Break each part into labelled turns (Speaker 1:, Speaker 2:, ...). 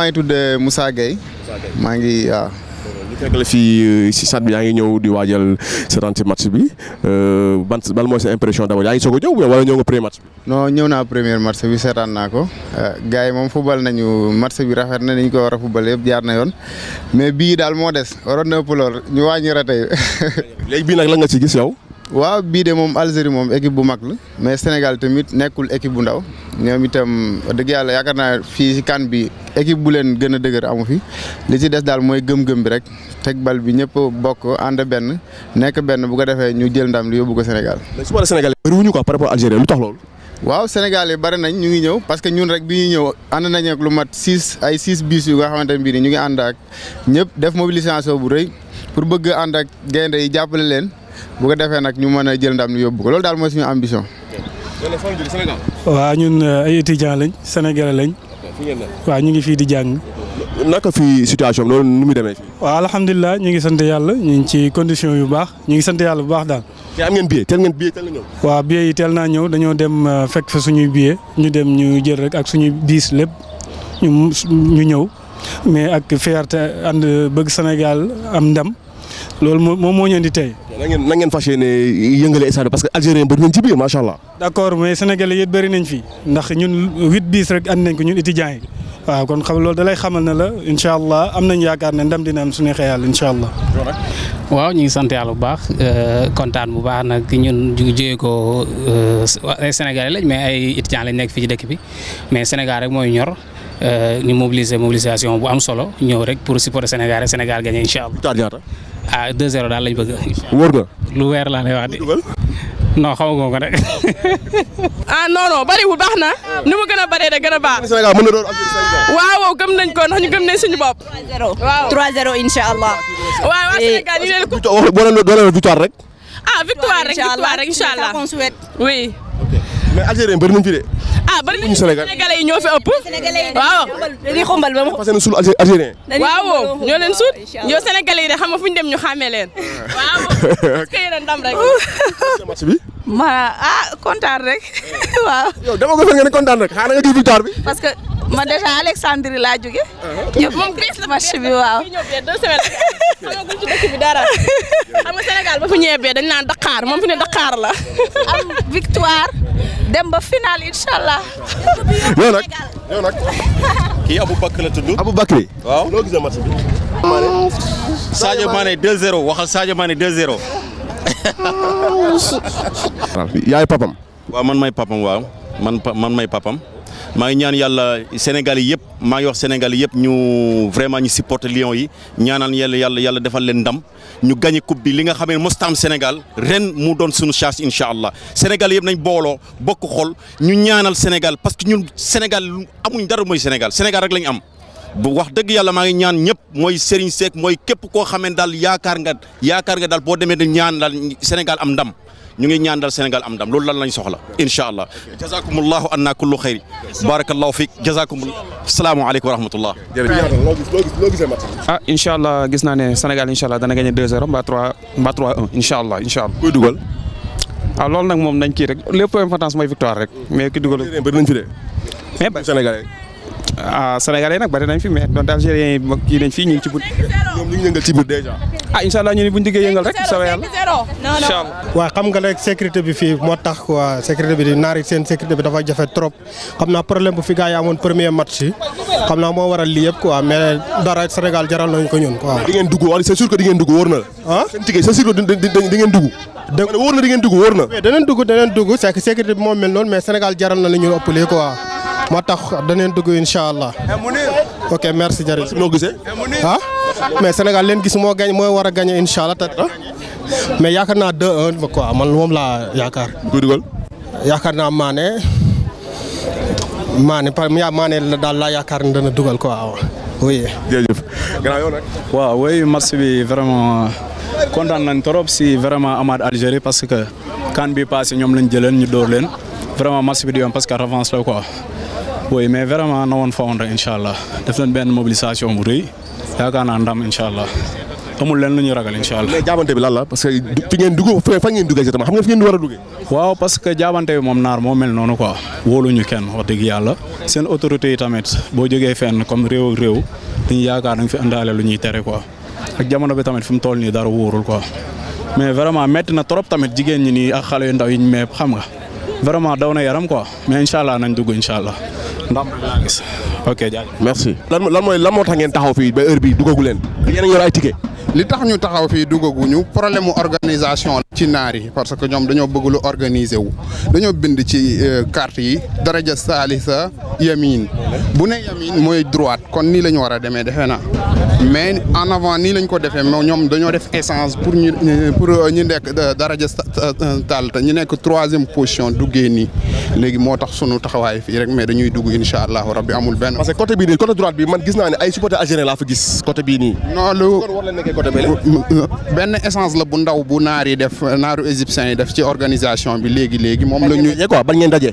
Speaker 1: maa ngi tudd Moussa Gueye. maa ngi waaw. ñu fekk euh, si stade bi yaa ngi ñëw di waajal seetaan ci match bi
Speaker 2: euh, ban ban mooy sa impression d'abord yaa ngi soog a ñëw wala ñëw nga premier match bi.
Speaker 1: non ñëw naa premier match bi seetaan naa ko euh, gars yi moom football nañu match bi rafet na ni ñu ko war a football jaar na yoon mais bii daal moo des waroon na ëpp ñu wàññi ra tey. léegi bii nag la nga ci gis yow. waaw bii de moom Algérie moom équipe bu mag la mais Sénégal tamit nekkul équipe bu ndaw ñoom itam dëgg yàlla yaakaar naa fii si kan bi équipe bu leen gën a dëgër amu fi li ci des daal mooy gëm-gëm bi rek teg bal bi ñëpp bokk ànd benn nekk benn bu ko defee ñu jël ndam li yóbbu ko Sénégal. mais su ma la Sénégal bëriwuñu tax loolu. waaw Sénégal yi bari nañ ñu ngi ñëw parce que ñun rek bi ñuy ñëw ànd nañ ak lu mat six ay six bis yu ne bii ñu ngi ànd ñëpp def mobilisation bu rëy pour bëgg ànd ak gaynde yi jàppale leen bu ko defee nag ñu mën a jël ndam ñu yóbbu ko loolu daal mooy suñu ambition. waaw ñun euh, ay étudiants lañ Sénégalais lañ. waaw ñu ngi fii di jàng. naka fii situation loolu nu muy demee. waa alhamdulilah ñu ngi sant yàlla ñu ngi ci condition yu baax ñu ngi sant yàlla bu baax daal. te am ngeen billet teel ngeen billet na ñëw. yi teel naa ñëw dañoo dem euh, fekk fa suñuy billet ñu dem ñu jël rek ak suñuy diis lépp ñu ñu ñëw mais ak fierté ànd bëgg Sénégal am ndam loolu moom moo ñeen di tey.
Speaker 2: na ngeen na ngeen fas yéene yëngale stade parce que algérien bëri nañ ci biir macha allah.
Speaker 1: d' accord mais sénégalais yëpp fi ndax ñun huit bis rek ànd nañ ko ñun étudiants yi waaw kon xam loolu da lay xamal la incha allah am nañ yaakaar ne ndam dina am su neexee yàlla incha allah.
Speaker 3: waaw ñu ngi sant yàlla bu baax euh, kontaan bu baax nag ñun ñu jógee ko euh, ay sénégalais mais ay étudiants lañ nekk fii ci dëkk bi mais Sénégal rek mooy ñor. Euh, ñu mobiliser mobilisation bu am solo ñëw rek pour supporter Sénégal rek Sénégal gagné incha allah. ah 2-0 daal lañ bëgg. wóor nga. lu weer laa lay wax de. non xaw nga ko rek.
Speaker 1: ah non non bariwul baax na nu gën a baree da gën a baax. Sénégal gëm nañ ko ndax gëm nañ suñu bopp.
Speaker 2: 3-0 waaw
Speaker 3: 3-0 waa eh, Sénégal ñu leen ko. boo leen doon leen victoire rek. ah victoire rek victoire rek
Speaker 2: mais Algérie bëri nañ fi de.
Speaker 3: ah bari nañu sénégalais yi ñoo fi ëpp. waaw dañuy xumbal ba mu. parce que suul algérien. waaw ñoo leen suut yow sénégalais yi de xam nga fu ñu dem ñu xàmmee leen. waaw ma ah kontaan rek waaw. yow dama ko fekk ngeen kontaan rek xaaral nga di victoire bi. parce que ma déjà Alexandrie laa jóge. ñëpp uh-huh. moom bees la match bi waaw. xam nga Sénégal ba fu ñëwee dañ naan Dakar moom fi ne Dakar la. victoire. dem ba final incha allah.
Speaker 2: yow nag yow nag kii Aboubacry la tudd. Aboubacry waaw loo gisee match bi. Sadio Mané 2-0 waxal Sadio Mané yaay papam. waaw man may papam waaw man may papam. maa ngi ñaan yàlla Sénégal yi yëpp maa ngi wax Sénégal yëpp ñu vraiment ñu supporter Lions yi ñaanal yàlla yàlla yàlla defal leen ndam ñu gagné coupe bi li nga xamee mos am Sénégal ren mu doon suñu chance incha allah Sénégal yëpp nañ booloo bokk xol ñu ñaanal Sénégal parce que ñun Sénégal amuñ dara mooy Sénégal Sénégal rek lañ am. bu wax dëgg yàlla maa ngi ñaan ñëpp mooy Serigne Seck mooy képp koo xamee daal yaakaar nga yaakaar nga daal boo demee di ñaan daal Sénégal am ndam. ñu ngi ñaan dal Sénégal am ndam loolu lan lañ soxla incha allah jazakumullahu anna kullu xayri barakallahu fiik jazakumullah salaamaaleykum wa rahmatullah ah
Speaker 3: gis naa ne Sénégal incha allah dana gagné 2-0 mbaa 3 mbaa 3-1 incha allah incha kuy dugal waaw ah, loolu nag moom nañ kii rek lépp importance mooy victoire rek mais ki dugal bëri nañ ci de mais ah sénégalais nag bari nañ fi mais donte algériens yi kii nañ fii ñu ngi ci bët. ñoom ñu ngi yëngal ci bët déjà. ah incha allah ñu ne bu ñu diggee yëngal rek. incha allah incha allah. waaw xam nga rek sécurité bi fii moo tax quoi sécurité bi di naari seen sécurité bi dafa jafe trop xam naa problème bu fi gars yi amoon premier match yi xam naa moo waral lii yëpp quoi mais dara Sénégal jaral nañ ko ñun quoi. di ngeen dugg wala c'est sûr que di ngeen dugg wóor na la. ah seen ticket c'est sûr que di ngeen dugg. dëgg la wóor na di ngeen dugg wóor na. mais danañ dugg danañ dugg c'est que sécurité bi moo mel noonu mais Sénégal jaral na la ñu ëppalee quoi motax da ngeen dugg inshallah ok merci jari noo gisse ah mais senegal len gis mo gagne moy wara a inshallah ta mais yakarna 2-1 ba quoi man mom la yakar kuy yakarna Mané Mané par yaa Mané la dal la yakar ne dana dugal quoi waaw oui jërëjëf gna yow nak wa way merci bi vraiment content nañ torop si vraiment amad Algérie parce que kan bi passé ñom lañ jëlën ñu door leen vraiment merci bi di yoon parce que revanche la quoi oui mais vraiment na woon fa woon rek incha allah def nañ benn mobilisation bu rëy yaakaar naa ndam incha allah amul lenn ñu ragal incha allah.
Speaker 2: mais bi lan la parce que fi ngeen dugg fa ngeen duggee
Speaker 3: a duggee. que jaabante moom naar moo mel noonu quoi wóoluñu kenn wax seen autorité yi tamit boo jógee fenn comme réew réew dañuy yaakaar da nga fi àndaale lu ñuy tere ko ak jamono bi tamit fi mu toll nii dara wóorul ko mais vraiment métti na trop tamit jigéen ñi nii a xale yu ndaw yi xam nga vraiment daw na yaram quoi mais incha allah nañ dugg incha allah. ndam laa gis ok jaajëf merci lan mooy lan moo tax ngeen taxaw fii ba heure bi dugagu leen yéen a ngi yor ay ticket li tax ñu taxaw fii dugaguñu problème mu organisation ci naar yi parce que ñoom dañoo bëgg lu organiser wu dañoo bind ci euh, carte yi daraja saalisa yamin bu ne yamin mooy droite kon nii la ñu war a demee defe naa mais en avant nii lañ ko defee ñoom dañoo def essence pour ñu pour ñu nekk daraja taal te ñu nekk troisième position duggee nii léegi moo tax sunu taxawaay fii rek mais dañuy dugg incha allahu rabbi amul benn. parce que côté bii nii côté droite bi ay supporters algériens laa fa gis côté bii nii. non lu benn essence la bu ndaw bu naari def naaru égyptien yi def ci organisation bi léegi léegi moom la ñuy. quoi bañ ngeen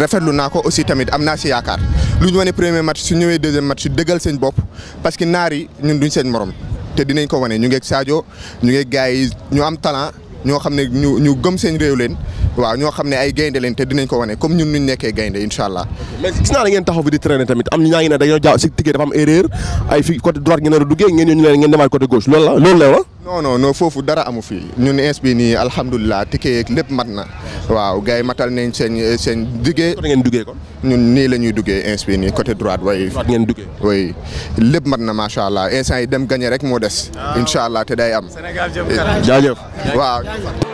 Speaker 2: rafetlu naa ko aussi tamit am naa si yaakaar lu ñu wane premier match su ñëwee deuxième match su dëggal seen bopp parce que naar yi ñun duñ seen morom te dinañ ko wane ñu ngeeg Sadio ñu ngeeg gars yi ñu am talent ñoo xam ne ñu ñu gëm seen réew leen waaw ñoo xam ne ay gaynde leen te dinañ ko wane comme ñun nuñ nekkee gaynde incha allah. mais gis naa da ngeen taxaw fi di traîner tamit am ñaa ngi ne dañoo jaaw si ticket dafa am ay fi côté droite ngeen doon duggee ngeen ñëw ñu leen ngeen demaat côté gauche loolu la loolu la wa. non non non foofu lépp mat na waaw gars yi matal nañ seen seen duggee. ngeen duggee kon. ñun nii la ñuy duggee inspi nii côté droite way ngeen duggee. oui lépp mat na macha allah instant yi dem gagné rek moo des. Ah. incha allah te day am. Sénégal jëm waaw.